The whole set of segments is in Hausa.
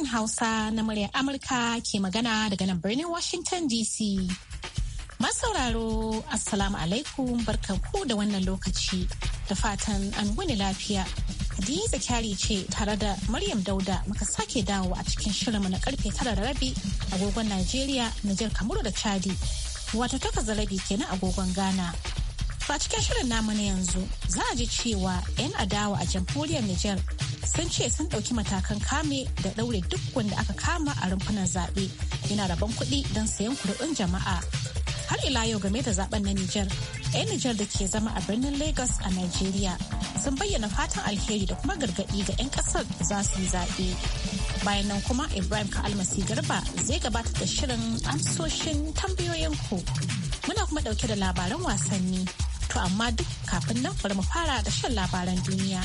sashen Hausa na muryar Amurka ke magana daga nan birnin Washington DC. Masauraro, Assalamu alaikum barkanku da wannan lokaci da fatan an wani lafiya. Hadiza kyari ce tare da Maryam Dauda muka sake dawo a cikin shirinmu na karfe tara da rabi agogon Najeriya, Nijar Kamaru da Chadi. Wata takwas da rabi kenan agogon Ghana. Ba cikin shirin namu na yanzu za a ji cewa 'yan adawa a jamhuriyar Nijar sun ce sun ɗauki matakan kame da ɗaure duk wanda aka kama a rumfunan zaɓe yana rabon kuɗi don sayan kuɗin jama'a. Har ila yau game da zaben na Nijar, 'yan Nijar da ke zama a birnin Lagos a Najeriya sun bayyana fatan alheri da kuma gargaɗi ga 'yan ƙasar da za su yi zaɓe. Bayan nan kuma Ibrahim ka almasi Garba zai gabata da shirin amsoshin tambayoyin ku Muna kuma ɗauke da labaran wasanni. To amma duk kafin nan bari mu fara da shan labaran duniya.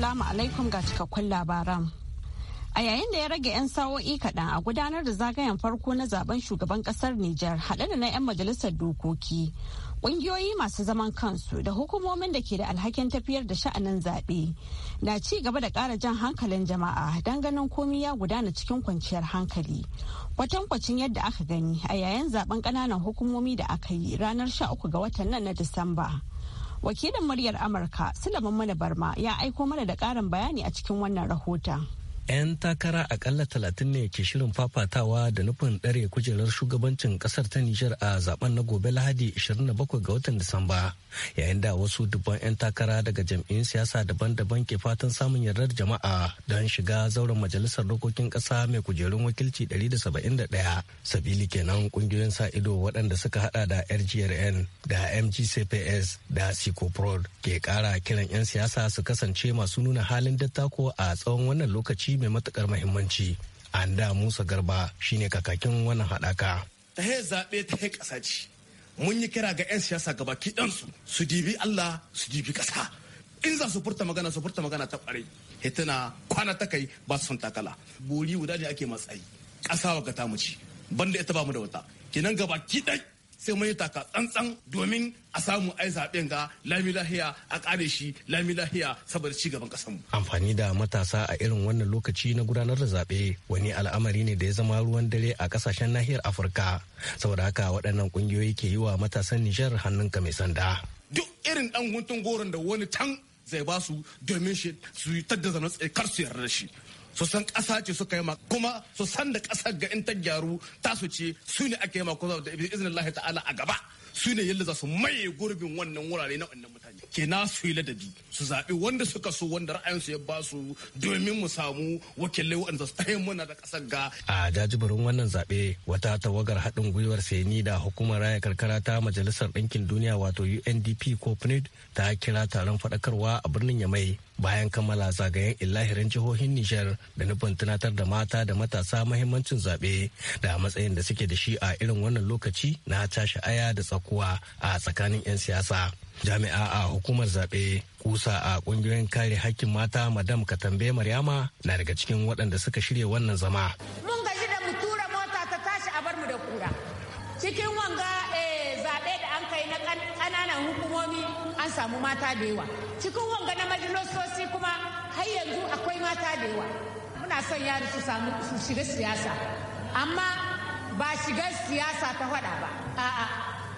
Assalamu alaikum ga cikakkun labaran. A yayin da ya rage 'yan sawo'i kaɗan a gudanar da zagayen farko na zaben shugaban ƙasar Nijar haɗe da na 'yan majalisar dokoki, ƙungiyoyi masu zaman kansu da hukumomin da ke da alhakin tafiyar da sha'anin zaɓe na ci gaba da ƙara jan hankalin jama'a don ganin komi ya gudana cikin kwanciyar hankali. Kwatankwacin yadda aka gani a yayin zaben ƙananan hukumomi da aka yi ranar 13 ga watan nan na Disamba. wakilin muryar amurka sulaiman mana barma ya aiko mana da karin bayani a cikin wannan rahoton 'yan takara akalla talatin ne ke shirin fafatawa da nufin ɗare kujerar shugabancin ƙasar ta nijar a zaben na gobe lahadi 27 ga watan disamba yayin da wasu dubban 'yan takara daga jam'in siyasa daban-daban ke fatan samun yardar jama'a don shiga zauren majalisar dokokin ƙasa mai kujerun wakilci 171 sabili kenan ƙungiyoyin sa ido waɗanda suka haɗa da rgrn da mgcps da sicoprod ke ƙara kiran 'yan siyasa su kasance masu nuna halin dattako a tsawon wannan lokaci mai matukar mahimmanci anda musa garba shine kakakin wannan haɗaka ta he zaɓe ta he ƙasa ce mun yi kira ga 'yan siyasa ga baki ɗansu su dibi allah su dibi ƙasa in za su furta magana su furta magana ta ƙware hituna kwana ta kai ba su takala bori guda ne ake matsayi ƙasa wa ta mu ci banda ita ba mu da wata kinan baki ɗai sai mun yi taka tsantsan domin a samu ai zaben ga lami lahiya a kare shi lami lahiya saboda ci gaban kasan mu amfani da matasa a irin wannan lokaci na gudanar da zaɓe wani al'amari ne da ya zama ruwan dare a kasashen nahiyar Afirka saboda haka waɗannan kungiyoyi ke yi wa matasan Nijar hannun ka mai sanda duk irin dan guntun goron da wani tan zai ba su domin shi su yi tadda zama tsaye kar su yarda da shi su san ƙasa ce suka yi ma kuma su san da ƙasar ga in ta gyaru tasu ce su ne ake yi ma kuma da izinin Allah ta'ala a gaba su ne yadda za su maye gurbin wannan wurare na wannan mutane ke na su yi ladabi su zaɓi wanda suka so wanda ra'ayinsu ya ba su domin mu samu wakilai waɗanda su tsayin muna da ƙasar ga. a jajibirin wannan zaɓe wata tawagar haɗin gwiwar seni da hukumar raya karkara ta majalisar ɗinkin duniya wato undp ko ta kira taron faɗakarwa a birnin yamai bayan kammala zagayen illahirin jihohin Nijar da nufin tunatar da mata da matasa mahimmancin zaɓe da matsayin da suke da shi a irin wannan lokaci na tashi aya da tsakuwa a tsakanin 'yan siyasa. Jami'a a hukumar zaɓe kusa a ƙungiyoyin kare hakkin mata Madam Katambe Maryama na daga cikin waɗanda suka shirya wannan zama. Mun gaji da mu tura mota ta tashi a bar mu da kura. Cikin mata da yawa cikin wanga na majalisoci kuma har yanzu akwai mata da yawa muna son yari su samu su shiga siyasa amma ba shiga siyasa ta hada ba a'a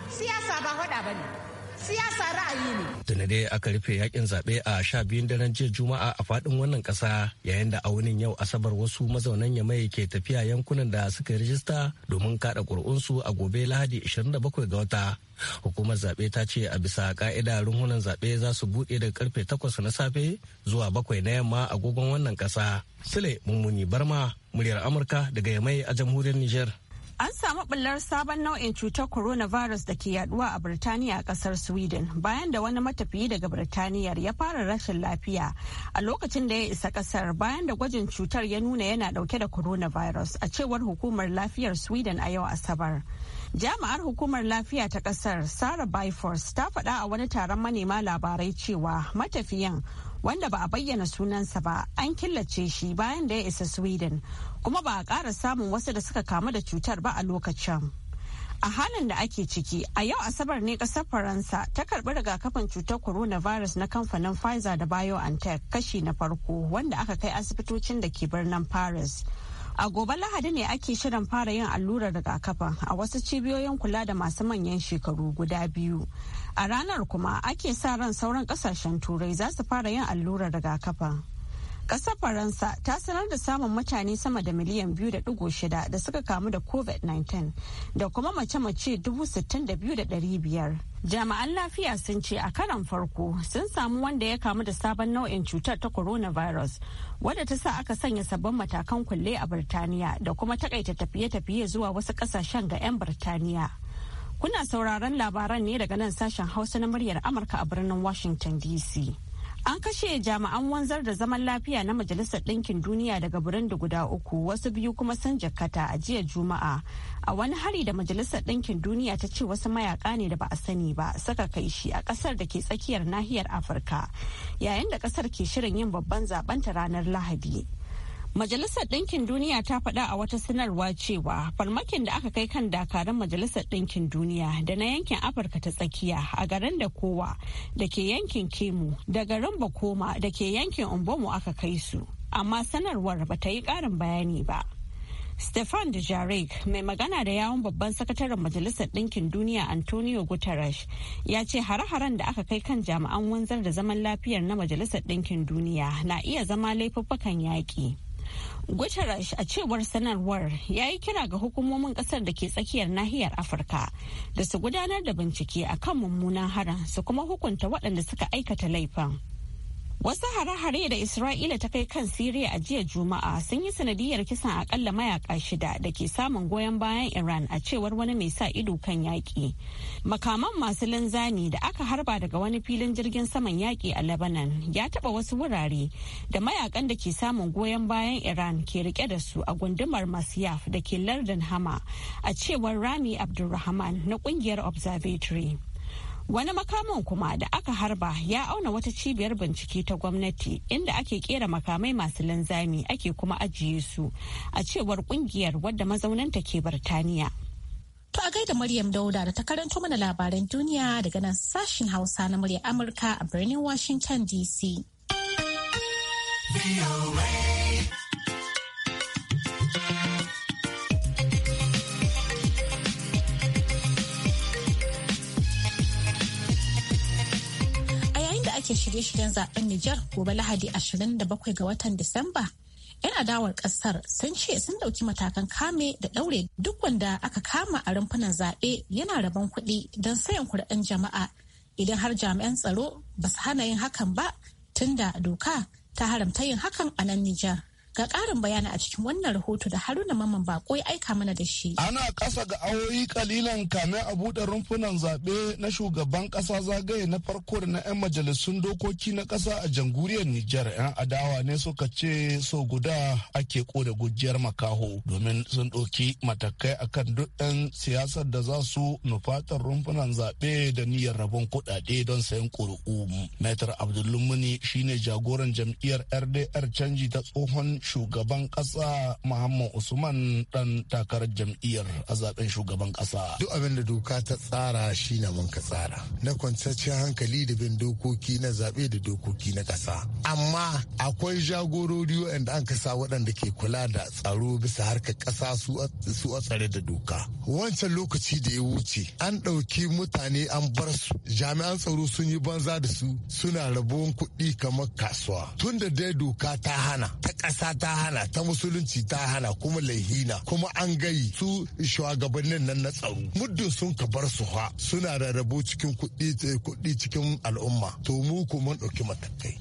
siyasa ba hada ba ne siyasa ra'ayi ne. Tuna dai aka rufe yakin zaɓe a sha biyun daren jiya Juma'a a faɗin wannan ƙasa yayin da a wunin yau Asabar wasu mazaunan Yamai ke tafiya yankunan da suka rijista domin kaɗa ƙuri'unsu a gobe Lahadi 27 ga wata. Hukumar zaɓe ta ce a bisa ƙa'ida runhunan zaɓe za su buɗe daga karfe 8 na safe zuwa 7 na yamma agogon wannan ƙasa. Sule Mummuni Barma, muryar Amurka daga Yamai a jamhuriyar Nijar. An samu ɓullar sabon nau'in cutar coronavirus da ke yaduwa a Birtaniya a ƙasar Sweden bayan da wani matafiyi daga birtaniya ya fara rashin lafiya a lokacin da ya isa ƙasar bayan da gwajin cutar ya nuna yana ɗauke da coronavirus a cewar hukumar lafiyar Sweden a yau Asabar. Jami'ar hukumar lafiya ta ƙasar Sarah Byfors ta faɗa a wani taron manema labarai cewa matafiyan wanda ba a bayyana sunansa ba an killace shi bayan da ya isa Sweden kuma ba a ƙara samun wasu da suka kamu da cutar ba a lokacin. A halin da ake ciki, a yau Asabar ne ƙasar Faransa ta karɓi rigakafin cutar coronavirus na kamfanin Pfizer da BioNTech kashi na farko wanda aka kai asibitocin da ke birnin Paris. A gobe Lahadi ne ake shirin fara yin allurar rigakafin a wasu cibiyoyin kula da masu manyan shekaru guda biyu. A ranar kuma ake sa ran sauran kasashen turai za su fara yin allurar rigakafin. Ƙasar Faransa ta sanar da samun mutane sama da miliyan biyu da ɗigo shida da suka kamu da COVID-19 da kuma mace-mace dubu sittin da biyu da ɗari biyar. Jami'an lafiya sun ce a karan farko sun samu wanda ya kamu da sabon nau'in cutar ta coronavirus wadda ta sa aka sanya sabbin matakan kulle a Birtaniya da kuma takaita tafiye-tafiye zuwa wasu kasashen ga 'yan Birtaniya. Kuna sauraron labaran ne daga nan sashen Hausa na muryar Amurka a birnin Washington DC. An kashe jami'an wanzar da zaman lafiya na Majalisar Ɗinkin Duniya daga Burundi guda uku wasu biyu kuma san jakata a jiya Juma'a a wani hari da Majalisar Ɗinkin Duniya ta ce wasu mayaka ne da ba a sani ba saka kai shi a ƙasar da ke tsakiyar nahiyar Afirka yayin da ƙasar ke shirin yin babban zaben ta ranar Lahadi. Majalisar Ɗinkin Duniya ta faɗa a wata sanarwa cewa farmakin da aka kai kan dakarun Majalisar Ɗinkin Duniya da na yankin Afirka ta tsakiya a garin da kowa da ke yankin Kemu da garin Bakoma da ke yankin Umbomu aka kai su. Amma sanarwar ba ta yi ƙarin bayani ba. Stefan Dujarric mai magana da yawon babban sakataren Majalisar Ɗinkin Duniya Antonio Guterres ya ce hare-haren da aka kai kan jami'an wanzar da zaman lafiyar na Majalisar Ɗinkin Duniya na iya zama laifuffukan yaƙi. Guterres a cewar sanarwar ya yi kira ga hukumomin kasar da ke tsakiyar nahiyar Afirka da su gudanar da bincike akan mummunan harin su kuma hukunta waɗanda suka aikata laifin. Wasu hare-hare da Isra'ila ta kai kan Siriya a jiya Juma'a sun yi sanadiyar kisan akalla mayaka shida da ke samun goyon bayan Iran a cewar wani mai sa ido kan yaƙi. Makaman masu linzami da aka harba daga wani filin jirgin saman yaƙi a Lebanon ya taɓa wasu wurare da mayakan da ke samun goyon bayan Iran ke rike da su a gundumar Masyaf da ke lardin Hama a cewar Rami Abdulrahman na ƙungiyar Observatory. Wani makamin kuma da aka harba ya auna wata cibiyar bincike ta gwamnati inda ake kera makamai masu linzami ake kuma ajiye su a cewar kungiyar wadda mazauninta ke Birtaniya. To a gaida Maryam Dauda da ta karanto mana labaran duniya daga nan sashin Hausa na murya Amurka a birnin Washington DC. yake shirye-shiryen zaben Nijar gobe Lahadi 27 ga watan Disamba. 'Yan adawar kasar sun ce sun dauki matakan kame da daure duk wanda aka kama a rumfunan zaɓe yana rabon kuɗi don sayan kuɗin jama'a idan har jami'an tsaro ba su hana yin hakan ba tunda doka ta haramta yin hakan a nan Nijar. Ga ƙarin bayani a cikin wannan rahoto da Haruna Mamman Bako ya aika mana da shi. Ana ƙasa ga awoyi kalilan kamin a buɗe rumfunan zaɓe na shugaban ƙasa zagaye na farko da na 'yan majalisun dokoki na ƙasa a jamhuriyar Nijar 'yan adawa ne suka ce so guda ake ƙoda gujiyar makaho domin sun ɗauki matakai akan duk 'yan siyasar da za su nufatar rumfunan zaɓe da niyyar rabon kuɗaɗe don sayan ƙuri'u. Metar Abdullumuni shine jagoran jam'iyyar RDR canji ta tsohon shugaban ƙasa Muhammad Usman dan takarar jam'iyyar a zaben shugaban ƙasa. Duk abin da doka ta tsara shi na mun ka tsara. Na kwanciyar hankali da bin dokoki na zaɓe da dokoki na ƙasa. Amma akwai jagorori waɗanda an kasa waɗanda ke kula da tsaro bisa harkar ƙasa su a tsare da doka. Wancan lokaci da ya wuce an ɗauki mutane an bar su jami'an tsaro sun yi banza da su suna rabuwan kuɗi kamar kasuwa. Tunda dai doka ta hana ta ƙasa ta hana ta musulunci ta hana kuma laihina kuma an gayi su shugabannin nan na tsaro muddin sun ka bar su ha suna da rabo cikin eh, kuɗi cikin al'umma to mu ko mun ɗauki matakai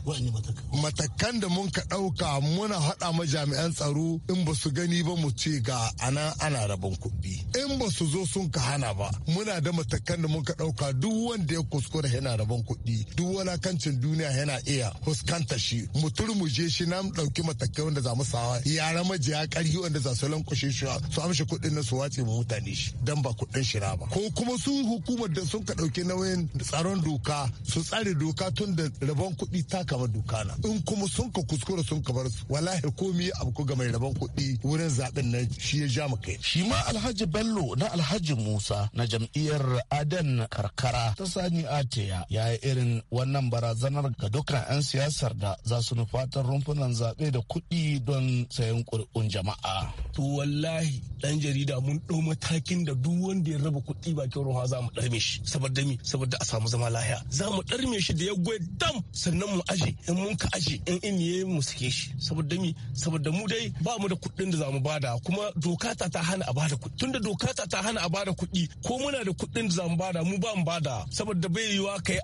matakan da mun ka ɗauka muna haɗa ma jami'an tsaro in ba su gani ba mu ce ga ana ana rabon kuɗi in ba su zo sun ka hana ba muna da matakan da mun ka ɗauka duk wanda ya kuskura yana rabon kuɗi duk wani kancin duniya yana iya fuskantar shi mu turmuje shi nan ɗauki matakai wanda wanda za mu sawa yara majiya karhi wanda za su lankwashe shi su amshi kuɗin na su wace mu mutane shi dan ba kuɗin shira ba ko kuma su hukumar da sun ka ɗauki nauyin tsaron doka su tsare doka tun da rabon kuɗi ta kama doka na in kuma sun ka kuskura sun ka bar su wallahi komai abu ko ga mai rabon kuɗi wurin zaɓen na shi ya ja mu shi ma alhaji bello na alhaji musa na jam'iyyar adan karkara ta sani ateya ya yi irin wannan barazanar ga dukkan 'yan siyasar da za su nufatar rumfunan zaɓe da kuɗi yi don sayan ƙuri'un jama'a. To wallahi ɗan jarida mun ɗau matakin da duk wanda ya raba kuɗi bakin ruwa za mu ɗarme shi saboda mi saboda a samu zama lahiya. Za mu ɗarme shi da ya gwai dam sannan mu aje in mun ka aje in in ye mu sake shi saboda mi saboda mu dai ba mu da kuɗin da za mu bada kuma doka ta ta hana a bada kuɗi tunda doka ta ta hana a bada kuɗi ko muna da kuɗin da za mu bada mu ba mu bada saboda bai yiwa kai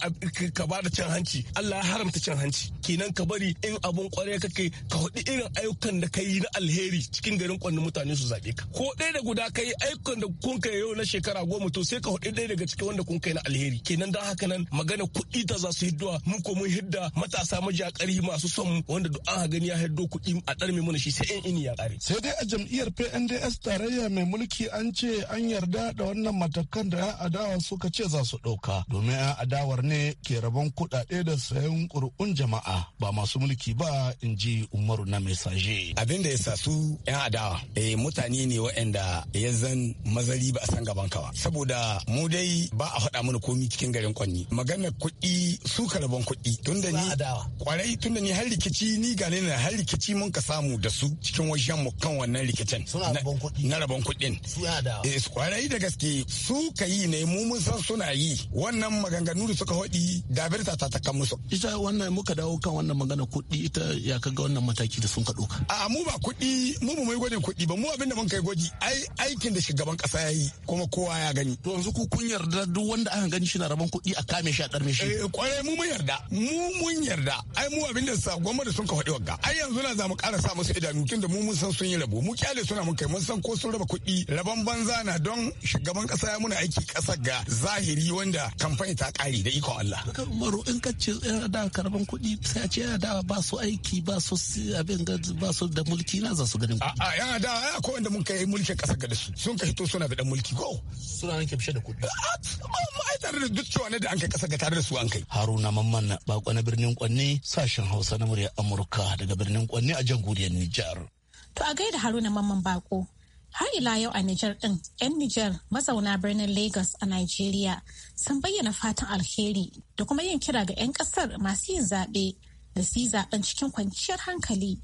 ka bada cin hanci Allah ya haramta cin hanci kenan ka bari in abun kwarai kake ka hudu irin ayyukan da ka yi na alheri cikin garin kwanni mutane su zaɓe ka ko ɗaya da guda ka yi ayyukan da kun kai yau na shekara goma to sai ka hudu ɗaya daga cikin wanda kun kai na alheri kenan da haka nan magana kuɗi ta za su hidduwa mun ko mun hidda matasa a ƙari masu son wanda duk an gani ya hiddo kuɗi a ɗarme mana shi sai in ini ya ƙare. sai dai a jam'iyyar pnds tarayya mai mulki an ce an yarda da wannan matakan da ya adawa suka ce za su ɗauka domin ya adawar ne ke rabon kuɗaɗe da sayan ƙuri'un jama'a ba masu mulki ba in ji umaru na mai fasaje abin da ya sa su yan adawa eh mutane ne waɗanda ya zan mazari ba a san gaban ka ba saboda mu dai ba a faɗa mana komi cikin garin kwanni maganar kuɗi su karban kuɗi tunda ni kwarai tunda ni har rikici ni ga ne har rikici mun ka samu da su cikin wajen mu kan wannan rikicin na rabon kuɗin su yan adawa eh kwarai da gaske su ka yi ne mu mun san suna yi wannan maganganu da suka faɗi dabirta ta ta kan musu ita wannan muka dawo kan wannan magana kuɗi ita ya kaga wannan mataki da sun ka ɗauka. A mu ba kuɗi mu ba mai gwajin kuɗi ba mu abinda mun kai gwaji ai aikin da shugaban ƙasa ya yi kuma kowa ya gani. To yanzu ku kun yarda duk wanda aka gani shi na rabon kuɗi a kame shi a ɗarme shi. Eh kwarai mu mun yarda mu mun yarda ai mu abinda sa da sun ka faɗi wagga ai yanzu na za mu ƙara sa musu idanu tun da mu mun san sun yi rabo mu kyale suna mun kai mun san ko sun raba kuɗi Raban banza na don shugaban ƙasa ya muna aiki ƙasar ga zahiri wanda kamfani ta ƙari da iko Allah. Maro in ka ce eh, da karban kuɗi sai a ce eh, da ba su aiki ba su abin da ba su da mulki na za su ganin kuɗi. A ya da ya ko wanda mun kai mulkin kasa ga su sun ka hito suna da dan mulki ko. Suna nan kyamshe da kuɗi. Ba ai tare da duk cewa ne da an kai kasa ga tare da su an kai. Haruna Mamman bako na birnin Kwanne sashen Hausa na murya Amurka daga birnin Kwanne a jamhuriyar Nijar. To a gaida Haruna Mamman bako Har ila yau a Nijar ɗin, 'yan Nijar mazauna birnin Lagos a Najeriya sun bayyana fatan alheri da kuma yin kira ga 'yan ƙasar masu yin zaɓe da su yi zaɓen cikin kwanciyar hankali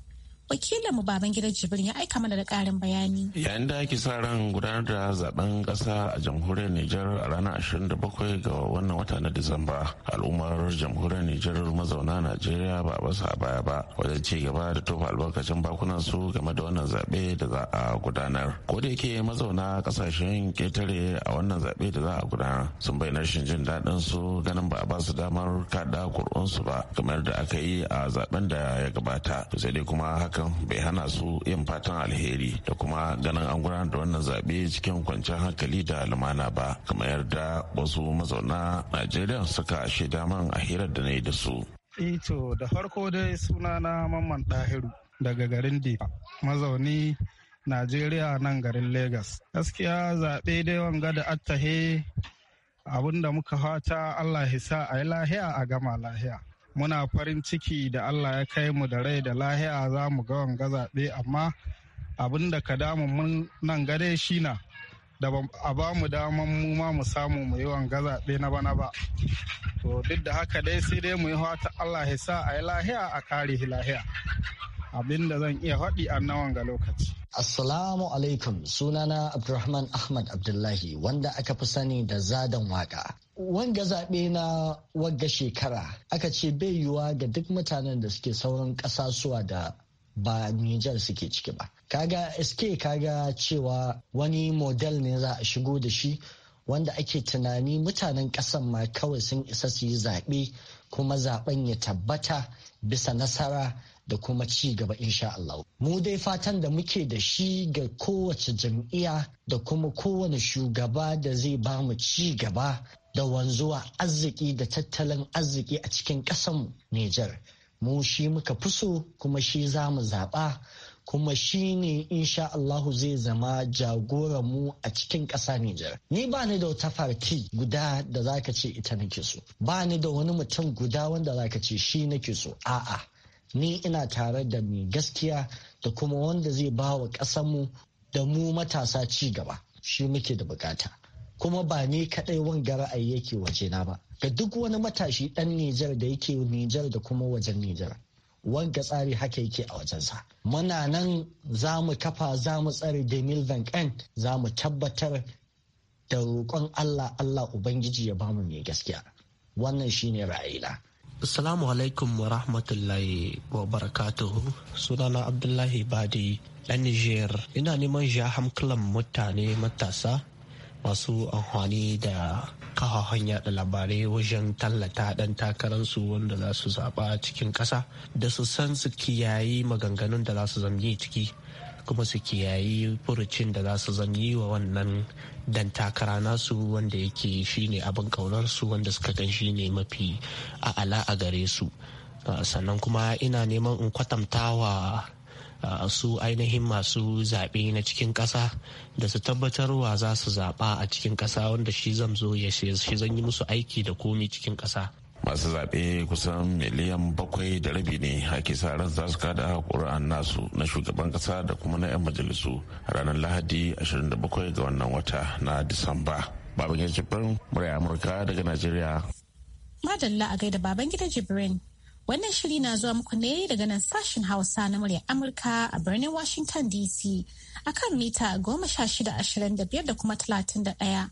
mu baban gidan jibrin ya aika mana da karin bayani yayin da ake sa ran gudanar da zaben kasa a jamhuriyar nijar a ranar 27 ga wannan wata na disamba al'ummar jamhuriyar nijar mazauna najeriya ba a basu a baya ba wajen ci gaba da tofa albarkacin bakunan su game da wannan zaɓe da za a gudanar ko da yake mazauna kasashen ketare a wannan zaɓe da za a gudanar sun bayyana shin jin daɗin su ganin ba a basu damar kaɗa kur'unsu ba kamar da aka yi a zaben da ya gabata to sai dai kuma haka hakan bai hana su yin fatan alheri da kuma ganin an gudanar da wannan zaɓe cikin kwanciyar hankali da lumana ba kamar yarda wasu mazauna najeriya suka shaida man a hirar da na yi da su. ito da farko dai suna na mamman ɗahiru daga garin difa mazauni najeriya nan garin Legas. gaskiya zaɓe dai wanga da attahe abinda muka fata allah hisa a yi lahiya a gama lahiya muna farin ciki da allah ya kai mu da rai da lahiya za mu ga wanga zaɓe amma abin da ka damu mun nan gare shi na da a ba mu daman mu ma mu samu mu yi wanga zaɓe na bana ba to duk da haka dai sai dai mu yi hata allah ya sa a yi lahiya a kare lahiya abin da zan iya faɗi a nawan ga lokaci. Assalamu alaikum sunana Abdulrahman Ahmad Abdullahi wanda aka fi sani da zadan waka. wanga zaɓe na wagga shekara aka ce bai yiwuwa ga duk mutanen da suke sauran ƙasasuwa da ba Nijar suke ciki ba. Kaga SK kaga cewa wani model ne za a shigo da shi wanda ake tunani mutanen ƙasan ma kawai sun isa su yi zaɓe kuma zaɓen ya tabbata bisa nasara da kuma ci gaba insha Allah. Mu dai fatan da muke da shi ga kowace jam'iyya da kuma kowane shugaba da zai ba mu ci gaba da wanzuwa arziki da tattalin arziki a cikin ƙasanmu Nijar. Mu shi muka fi so kuma shi za mu zaɓa kuma shi ne insha Allahu zai zama jagoran mu a cikin ƙasa Nijar. Ni ba ni da wata farki guda da za ka ce ita nake so. Ba ni da wani mutum guda wanda za ka ce shi nake so. A'a, ni ina tare da mai gaskiya da kuma wanda zai ba wa ƙasanmu da mu matasa ci gaba. Shi muke da bukata. kuma ba ni kaɗai wanga ra'ayi yake waje na ba ga duk wani matashi ɗan Nijar da yake Nijar da kuma wajen Nijar wanga tsari haka yake a wajensa muna nan za mu kafa za mu tsare da milvan kan za mu tabbatar da roƙon Allah Allah Ubangiji ya bamu mai gaskiya wannan shine ra'ayina Assalamu alaikum wa rahmatullahi wa barakatuhu sunana Abdullahi Badi ɗan Niger ina neman jaham hankulan mutane matasa masu amfani da kafafen yada labarai wajen tallata dan takararsu wanda za su zaba cikin kasa da su san su kiyayi maganganun da za su zamye ciki kuma su kiyayi furucin da za su zanyi wa wannan dan takara nasu wanda yake shine abin su wanda suka gan ne mafi a'ala a gare su sannan kuma ina neman in kwatantawa su ainihin masu zaɓe na cikin ƙasa da su tabbatarwa za su zaɓa a cikin ƙasa wanda shi zan zo ya shi zan yi musu aiki da komi cikin ƙasa masu zaɓe kusan miliyan bakwai da rabi ne ake sa ran za su kada ƙuri'an nasu na shugaban ƙasa da kuma na 'yan majalisu ranar lahadi 27 ga wannan wata na disamba Babangida jibrin murya amurka daga najeriya madalla a gaida Babangida jibrin Wannan shiri na zuwa muku ne daga nan sashen Hausa na murya Amurka a birnin Washington DC a kan mita goma sha shida ashirin da biyar da kuma talatin da ɗaya.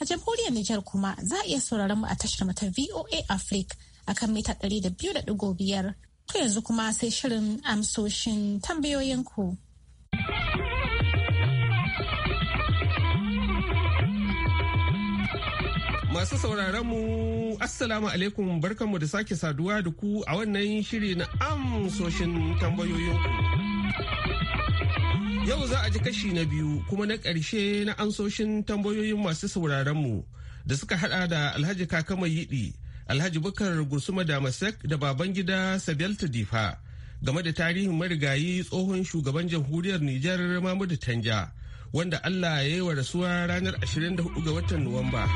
A jamhuriyar Nijar kuma za a iya sauraron mu a tashar mata VOA Africa kan mita ɗari da biyu da ɗigo biyar. To yanzu kuma sai shirin amsoshin tambayoyinku. Masu sauraron mu Assalamu alaikum barkanmu da sake saduwa da ku a wannan shiri na amsoshin tambayoyinku. Yau za a ji kashi na biyu kuma na ƙarshe na amsoshin tambayoyin masu sauraron mu da suka hada da Alhaji Kakamai Yidi Alhaji Bukar Gursuma Damasek da Babangida Sabelta Difa game da tarihin marigayi tsohon shugaban jamhuriyar Nijar Mamudu Tanja wanda Allah ya yi wa rasuwa ranar 24 ga watan Nuwamba.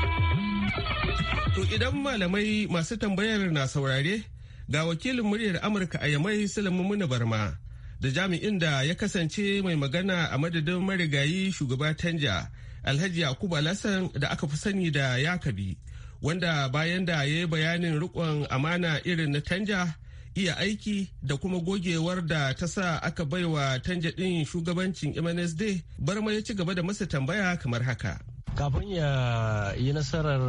To idan malamai masu tambayar na saurare ga wakilin muryar Amurka a yamai Sulaimu Barma da jami'in da ya kasance mai magana a madadin marigayi shugaba Tanja Alhaji Yakubu Alhassan da aka fi sani da Yakabi wanda bayan da ya yi bayanin rikon amana irin na Tanja iya aiki da kuma gogewar da ta sa aka baiwa Tanja din shugabancin MNSD Barma ya ci gaba da masa tambaya kamar haka. kafin ya yi nasarar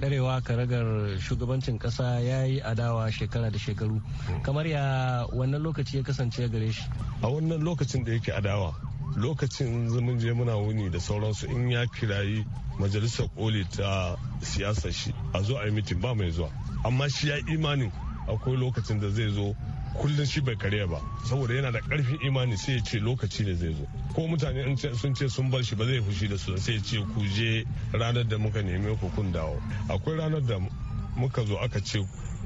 darewa ragar shugabancin kasa ya yi adawa shekara da shekaru kamar ya wannan lokaci ya kasance gare shi a wannan lokacin da yake adawa lokacin zaman je muna wuni da sauransu in ya kirayi majalisar koli ta siyasar shi a zo a yi mitin ba mai zuwa amma shi ya imanin akwai lokacin da zai zo kullum shi bai karya ba saboda yana da karfin imani sai ya ce lokaci ne zai zo ko mutane sun ce sun bar shi ba zai fushi da su sai ya ce ku je ranar da muka neme ku kun dawo akwai ranar da muka zo aka ce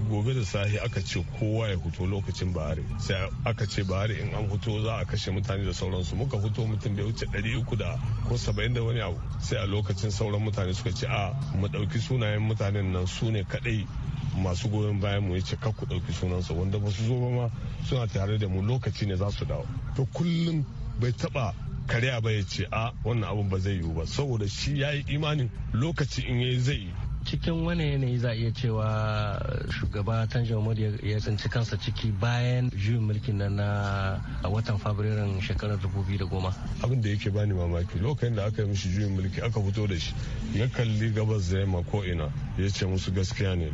gobe da sahi aka ce kowa ya fito lokacin bahari sai aka ce bahari in an fito za a kashe mutane da sauransu muka fito mutum da ya wuce ɗari uku da ko saba'in da wani abu sai a lokacin sauran mutane suka ce a mu ɗauki sunayen mutanen nan su ne kaɗai masu goyon bayan mu yace kar ku ɗauki sunansa wanda ba su zo ba ma suna tare da mu lokaci ne za su dawo to kullum bai taba karya ba ya ce a wannan abun ba zai yiwu ba saboda shi ya yi imanin lokaci in yayi zai yi cikin wani yanayi za iya cewa shugaba tanjo ya tsinci kansa ciki bayan juyin mulkin nan na a watan fabrairun shekarar da goma. abin da yake bani mamaki lokacin da aka yi mishi juyin mulki aka fito da shi ya kalli gabas da yamma ko ina ya ce musu gaskiya ne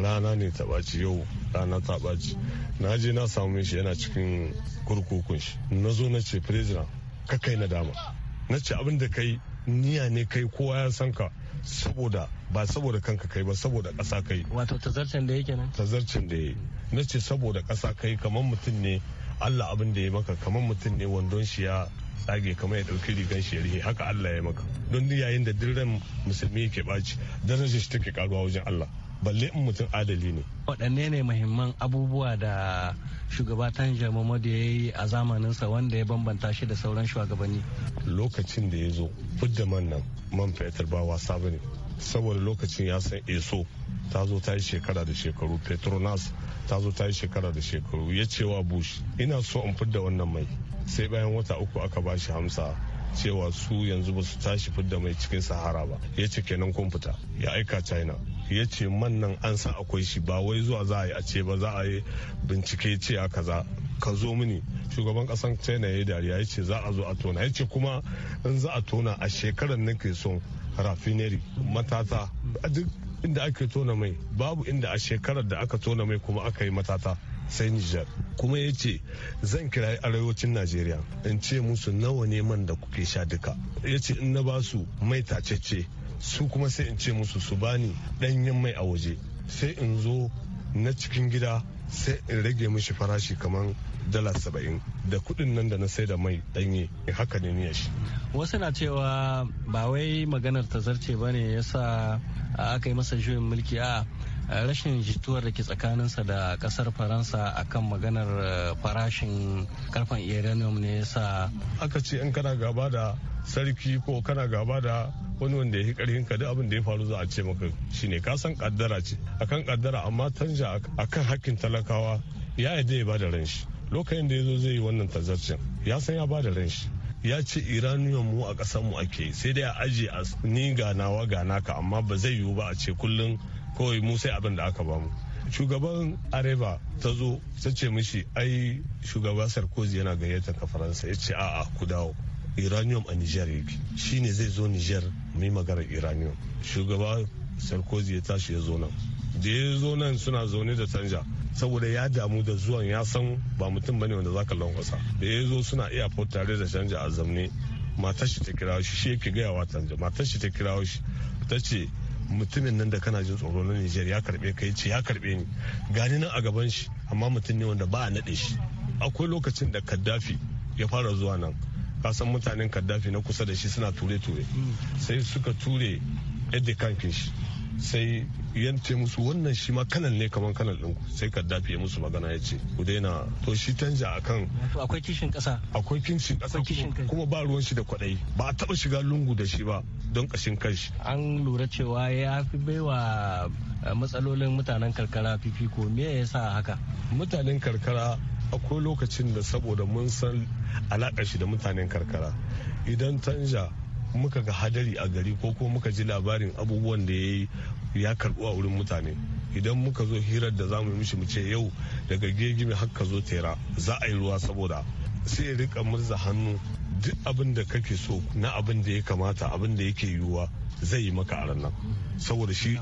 rana ne ta ɓaci yau rana ta ɓaci na je na samu shi yana cikin kurkukun shi na zo na ce president ka kai na dama na ce abin da kai niya ne kai kowa ya san ka saboda ba saboda kanka kai ba saboda ƙasa kai wato tazarcin da yake nan tazarcin da yake na ce saboda ƙasa kai kamar mutum ne Allah abin da ya maka kamar mutum ne wandon shi ya tsage kamar ya ɗauki rigan shi ya rihe haka Allah ya maka don yayin da dirren musulmi yake ɓaci darajar shi take karuwa wajen Allah balle in mutum adali ne waɗanne ne muhimman abubuwa da shugaba tanja mamadu ya yi a zamaninsa wanda ya bambanta shi da sauran shugabanni lokacin da ya zo fidda man nan man fetur ba wasa ne saboda lokacin ya san eso ta zo ta yi shekara da shekaru petronas ta zo ta yi shekara da shekaru ya cewa bush ina so in fidda wannan mai sai bayan wata uku aka ba shi hamsa cewa su yanzu ba su tashi fidda mai cikin sahara ba ya ce kenan kun ya aika china ya ce man nan an sa akwai shi ba wai zuwa za a yi a ce ba za a yi bincike ce a kaza ka zo mini shugaban kasan china ya yi dariya ya ce za a zo a tona ya ce kuma in za a tona a shekarar nake son rafineri matata duk inda ake tona mai babu inda a shekarar da aka tona mai kuma aka yi matata sai Nijar kuma ya ce zan kira arewacin Najeriya in ce musu nawa neman da kuke sha duka ya ce in na ba su mai tacece su kuma sai in ce musu su bani ɗanyen mai a waje sai in zo na cikin gida sai in rage mishi farashi kamar dala saba'in da kuɗin nan da na sai da mai ɗanye haka ne niya shi wasu na cewa ba wai maganar ta zarce ba ne yasa aka yi masa juyin mulki a rashin jituwar da ke tsakaninsa da kasar faransa akan maganar eh, farashin karfan uranium ne yasa aka ce in kana gaba da sarki ko kana gaba da wani wanda ya yi karhin ka duk abin da ya faru za a ce maka shine ka san kaddara ce akan kaddara amma tanja akan hakkin talakawa ya yadda ya bada ran shi lokacin da ya zo zai yi wannan tazarcin ya san ya bada ran shi ya ce iraniyan mu a ƙasar mu ake sai dai a aje a ni wa gana ka amma ba zai yiwu ba a ce kullum kawai mu sai abin da aka bamu shugaban areva ta zo ta ce mishi ai shugaban sarkozy yana gayyatar ka faransa ya ce a'a ku dawo uranium a niger yake shine zai zo nijar. mai magana iranium shugaba sarkozy ya tashi ya zo nan da ya zo nan suna zaune da canja saboda ya damu da zuwan ya san ba mutum bane wanda ka lankwasa da ya zo suna iya tare da canja a zamne matar shi ta kirawo shi shi yake gaya wa canja matar shi ta kirawo shi ta ce mutumin nan da kana jin tsoro na Nijar ya karbe ka ce ya karbe ni gani nan a gaban shi amma mutum ne wanda ba a nade shi akwai lokacin da Kaddafi ya fara zuwa nan kasan mutanen kaddafi na kusa da shi suna ture-ture sai suka ture yadda kankin shi sai yanta musu wannan shi ma kanan ne kaman kanan ɗin sai kaddafi ya musu magana ya ce ku daina to shi canja akan akwai kishin ƙasa akwai kishin ƙasa kuma ba ruwan shi da kwaɗayi ba a taɓa shiga lungu da shi ba don ƙashin kanshi an lura cewa ya fi baiwa eh, matsalolin mutanen karkara fifiko me yasa haka mutanen karkara akwai lokacin da saboda mun san alaƙar shi da mutanen karkara idan tanja muka ga hadari a gari ko kuma muka ji labarin abubuwan da ya yi ya karɓu a wurin mutane idan muka zo hirar da zamu yi mishi mu ce yau daga gegime har zo tera za a yi ruwa saboda sai ya rika murza hannu duk abin da kake so na abin da ya kamata abin da yake yiwuwa zai yi maka a ranar saboda shi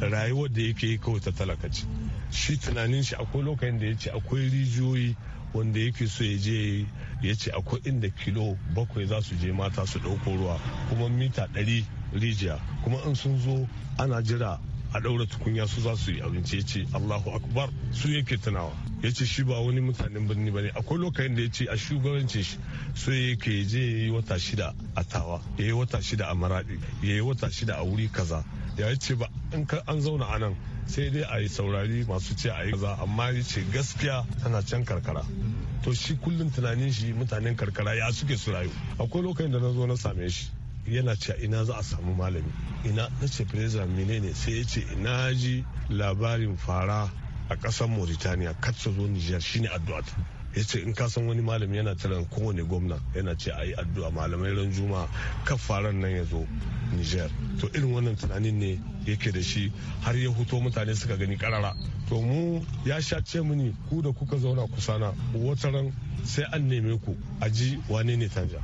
rayuwar da yake yi kawai ta talakaci shi tunanin shi akwai lokacin da ya ce akwai rijiyoyi wanda yake so ya je ya ce akwai inda kilo bakwai za su je mata su ɗauko ruwa kuma mita ɗari rijiya kuma in sun zo ana jira a ɗaura tukunya su za su yi abinci ya ce allahu akbar su yake tunawa ya ce shi ba wani mutanen birni ba ne akwai lokacin da ya ce a shugabancin shi so yake je ya yi wata shida a tawa ya yi wata shida a maraɗi ya yi wata shida a wuri kaza ya ce ba in an zauna a nan sai dai a yi saurari masu ce a yi kaza amma ya ce gaskiya tana can karkara to shi kullum tunanin shi mutanen karkara ya suke su rayu akwai lokacin da na zo na same shi yana ce ina za a samu malami ina na ce mine menene sai ya ce ina ji labarin fara a ƙasar mauritania kar ta zo nijar shine addu'a ya ce in ka san wani malami yana tiran kowane gwamna yana ce a yi addu'a malamai ran juma kan faran nan ya zo niger to irin wannan tunanin ne yake da shi har ya huto mutane suka gani karara to mu ya ce mini ku da kuka zauna kusana wata ran sai an neme ku a ji wane ne tanja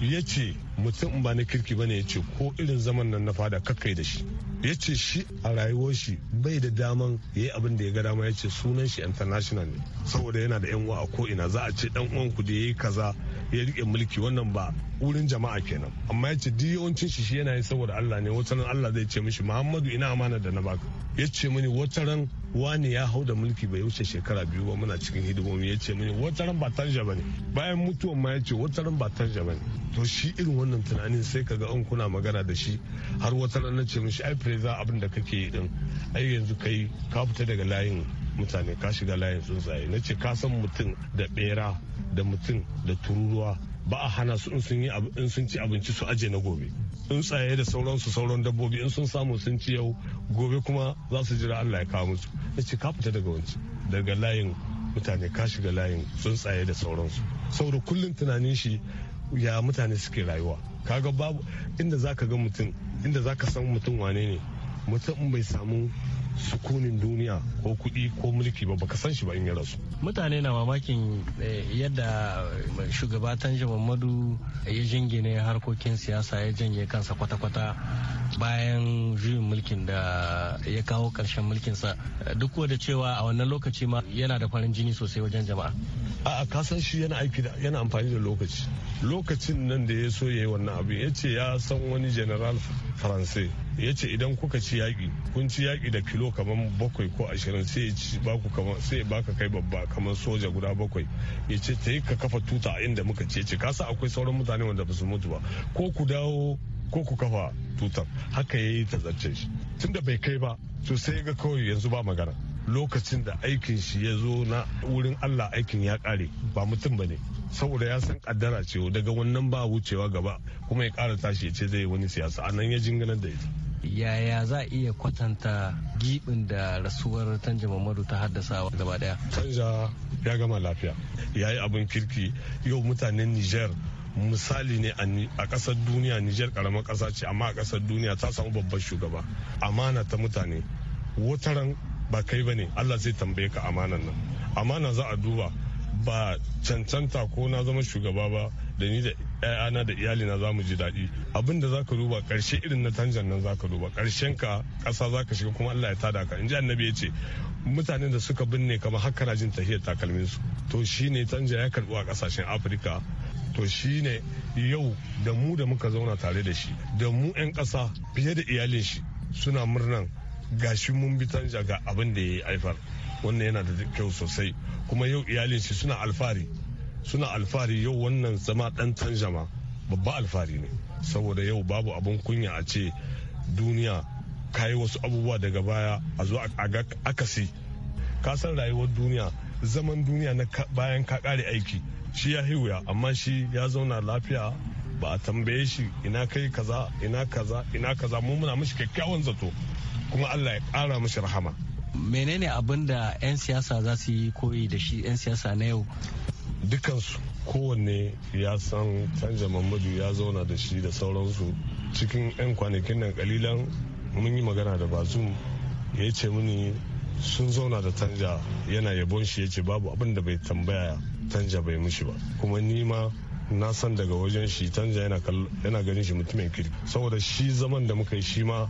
ya ce mutum ba na kirki bane ya ce ko irin zaman nan na fada kakai da shi ya ce shi a rayuwar shi bai da daman ya yi abin da ya ga dama ya ce sunan shi international ne saboda yana da yan uwa a ko ina za a ce dan uwanku da ya yi kaza ya rike mulki wannan ba wurin jama'a kenan amma ya ce duk yawancin shi shi yana yi saboda Allah ne wata ran Allah zai ce mishi Muhammadu ina amana da na baka ya ce mini wata ran wani ya hau da mulki bai wuce shekara biyu ba muna cikin hidimomi ya ce mini wata ran ba tarja ne bayan mutuwan ma ya ce wata ran ba tarja ne to shi irin wannan tunanin sai kaga an kuna magana da shi har wata ran na ce mishi ai preza abin da kake yi din ai yanzu kai ka fita daga layin mutane ka shiga layin tsuntsaye na ce ka mutum da bera da mutum da tururuwa ba a hana su in sun ci abinci su aje na gobe tsuntsaye da sauransu sauran dabbobi in sun samu sun ci yau gobe kuma za su jira allah ya kawo musu na ce ka fita daga wancan daga layin mutane ka shiga layin tsuntsaye da sauransu saboda kullum tunanin shi ya mutane suke rayuwa kaga babu inda za ga mutum inda za san mutum wane ne mutum bai samu sukunin duniya ko kuɗi ko mulki ba baka san shi ba in ya rasu mutane na mamakin eh, yadda eh, shugaba tanji mamadu ya jingine harkokin siyasa ya janye kansa kwata-kwata bayan juyin mulkin da ya kawo ƙarshen mulkinsa duk da cewa a wannan lokaci ma yana da farin jini sosai wajen jama'a A ka san shi yana aiki yana amfani da lokaci lokacin nan da ya so ya yi wannan abu ya ce ya san wani general faransai ya ce idan kuka ci yaƙi kun ci yaƙi da kilo kamar bakwai ko ashirin sai ya baka kai babba kamar soja guda bakwai ya ce ta yi ka kafa tuta a inda muka ce ce kasa akwai sauran mutane wanda ba su mutu ba ko ku dawo ko ku kafa tutar haka ya yi ta zarce shi tunda bai kai ba to sai ga kawai yanzu ba magana lokacin da aikin shi ya zo na wurin Allah aikin ya kare ba mutum ba ne saboda ya san kaddara ce daga wannan ba wucewa gaba kuma ya kara tashi ya ce zai wani siyasa a nan ya jinganar da ita yaya za a iya kwatanta gibin da rasuwar tanja mamadu ta haddasa gaba daya tanja ya gama lafiya ya yi abin kirki yau mutanen niger misali ne a kasar duniya niger karamar kasa ce amma a kasar duniya ta samu babban shugaba amana ta mutane wataran ba kai ba ne allah zai tambaye ka amanan nan amana za a duba ba cancanta ko na zama shugaba ba da ni da ‘ya'yana da iyali za mu ji daɗi abin da za duba ƙarshe irin na tanjan nan za ka duba ƙarshen ka ƙasa zaka shiga kuma Allah ya tada ka in ji annabi ya ce mutanen da suka binne kamar har kana jin tahiyar takalmin su to shine tanja ya karɓu a ƙasashen Afirka to shine yau da mu da muka zauna tare da shi da mu 'yan ƙasa fiye da iyalin shi suna murnan gashi mun bi tanja ga abin da ya haifar wannan yana da kyau sosai kuma yau iyalin shi suna alfari suna alfari yau wannan zama dan ma babba alfari ne saboda yau babu abun kunya a ce duniya kayi wasu abubuwa daga baya a zo a akasi kasan rayuwar duniya zaman duniya na bayan ka kare aiki shi ya hiwuya amma shi ya zauna lafiya ba a tambaye shi ina kai kaza ina kaza ina kaza mu muna mishi kyakkyawan zato kuma Allah ya ƙara mashi rahama. Menene abin da 'yan siyasa za su yi koyi da shi 'yan siyasa na yau? Dukansu kowanne ya san canja Mamadu ya zauna da shi da sauransu cikin 'yan kwanakin nan kalilan mun yi magana da bazum ya ce mini sun zauna da tanja yana yabon shi ya ce babu abin da bai tambaya tanja bai mushi ba kuma ni ma na san daga wajen shi tanja yana ganin shi mutumin kiri saboda shi zaman da muka yi shi ma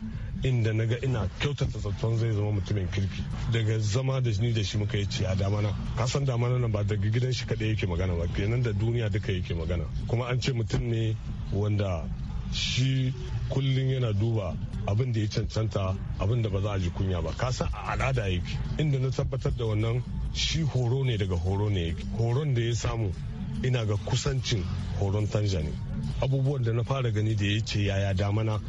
inda na ga ina kyautata zaton zai zama mutumin kirki daga zama da ni da shi muka yi ci a damana kasan damana nan ba daga gidan shi kaɗai yake magana ba kenan da duniya duka yake magana kuma an ce mutum ne wanda shi kullum yana duba abin da ya cancanta abin da ba za a ji kunya ba kasan a al'ada yake inda na tabbatar da wannan shi horo ne daga horo ne horon da ya samu ina ga kusancin horon tanzania abubuwan da na fara gani da ya ce yaya damana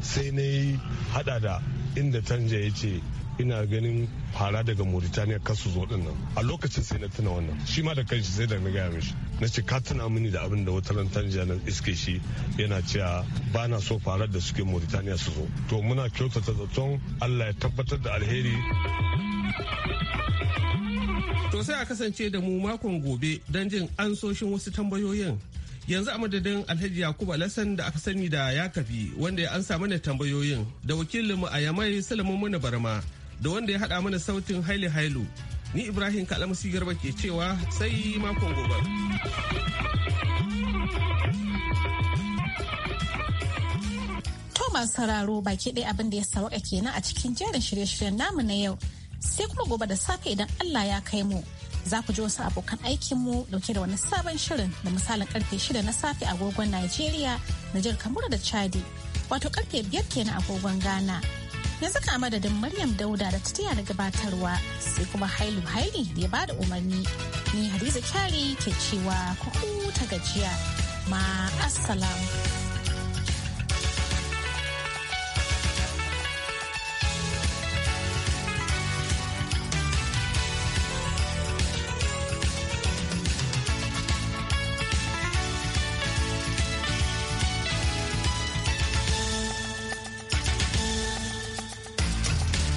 sai na yi hada da inda tanja ya ce ina ganin fara daga mauritaniya kasu zo din a lokacin sai na tuna wannan shi ma da kanshi sai da na gaya mishi na ce ka tuna mini da abin da wutar tanja nan iske shi yana cewa ba na so fara da suke mauritaniya su zo to muna kyautata zaton allah ya tabbatar da alheri to sai a kasance da mu makon gobe don jin ansoshin wasu tambayoyin yanzu a madadin alhaji yakubu alasan da aka sani da ya kafi wanda ya ansa mana tambayoyin da wakilinmu a yamai salamun mana barma da wanda ya hada mana sautin haile hailu ni ibrahim kalamusi garba ke cewa sai makon gobe to masu sauraro baki ɗaya abin da ya sawaka kenan a cikin jerin shirye-shiryen namu na yau sai kuma gobe da safe idan allah ya kai mu za ku ji wasu abokan aikinmu dauke da wani sabon shirin da misalin karfe shida na safe agogon Najeriya, na jihar Kamuru da Chadi, wato karfe 5 kenan agogon Ghana. Yanzu ka madadin Maryam Dauda da ta da gabatarwa sai kuma Hailu Haili da ya bada umarni. Ni Hadiza Kyari ke cewa ku ta gajiya. Ma